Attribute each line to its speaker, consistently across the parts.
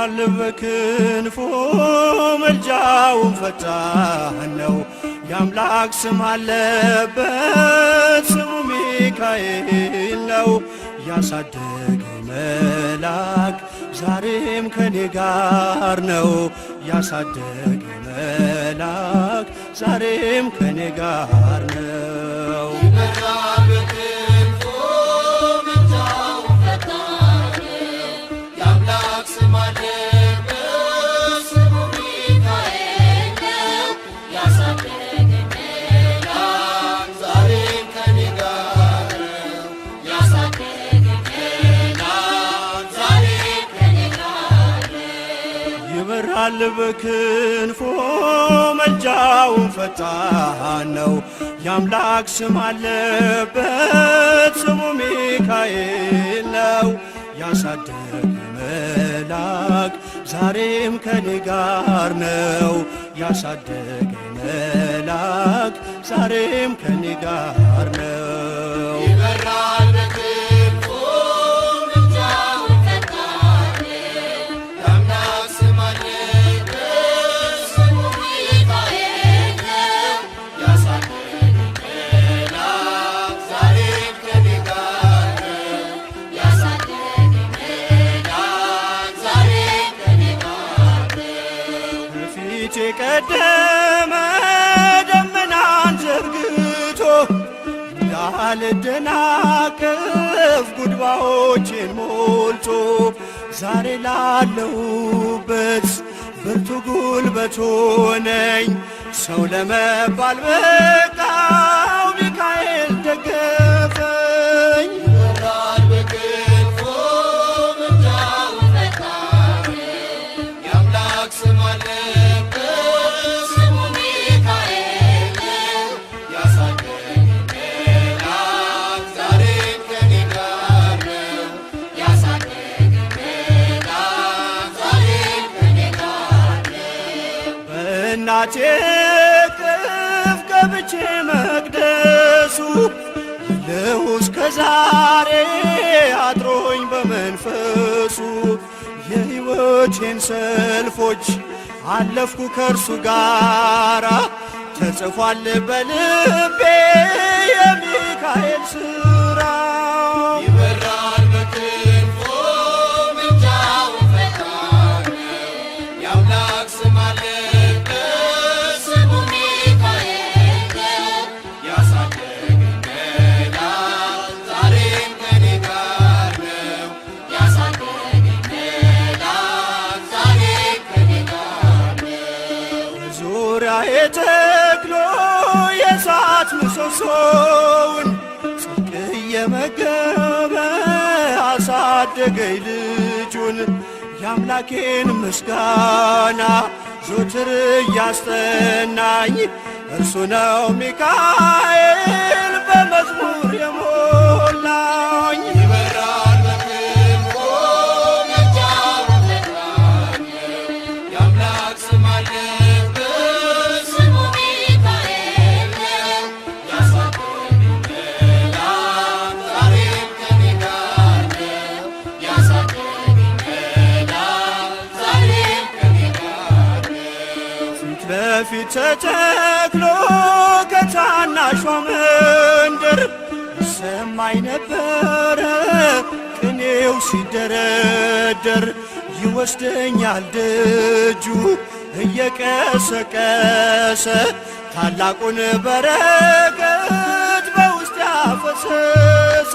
Speaker 1: ይዞናል በክንፎ መልጃውን ፈጣን ነው። የአምላክ ስም አለበት ስሙ ሚካኤል ነው። ያሳደገ መላክ ዛሬም ከኔ ጋር ነው። ያሳደገ መላክ ዛሬም ከኔ ጋር ነው። ይበራል በክንፎ መጃውን ፈጣን ነው። የአምላክ ስም አለበት ስሙ ሚካኤል ነው። ያሳደገ መላክ ዛሬም ከኔ ጋር ነው። ያሳደገ መላክ ዛሬም ከኔ ጋር ነው። የቀደመ ደመናን ዘርግቶ እንዳልደናቀፍ ጉድባዎችን ሞልቶ ዛሬ ላለሁበት ብርቱ ጉልበት ሆነኝ ሰው ለመባል በቃ በእሳቴ ቅፍ ገብቼ መቅደሱ ለሁ እስከ ዛሬ አድሮኝ በመንፈሱ የሕይወቴን ሰልፎች አለፍኩ ከእርሱ ጋራ ተጽፏል በልቤ የሚካኤል ስ የተክሎ የእሳት ምሰሶውን ጽድቅ እየመገበ አሳደገኝ ልጁን የአምላኬን ምስጋና ዞትር እያስጠናኝ እርሱ ነው ሚካኤል በመዝሙር ተተክሎ ከታናሿ መንደር ሰማይ ነበረ ቅኔው ሲደረደር ይወስደኛል ደጁ እየቀሰቀሰ ታላቁን በረከት በውስጥ ያፈሰሰ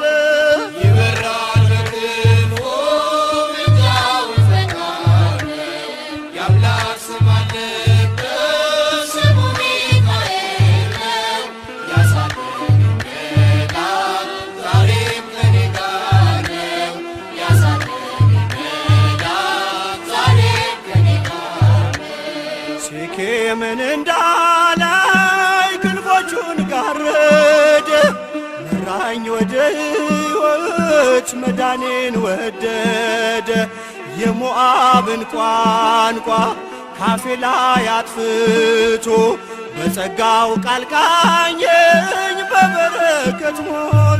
Speaker 1: ታረደ መራኝ ወደ ሕይወት መዳኔን ወደደ የሞአብን ቋንቋ ካፌ ላይ አጥፍቶ በጸጋው ቃል ቃኘኝ በበረከት ሞ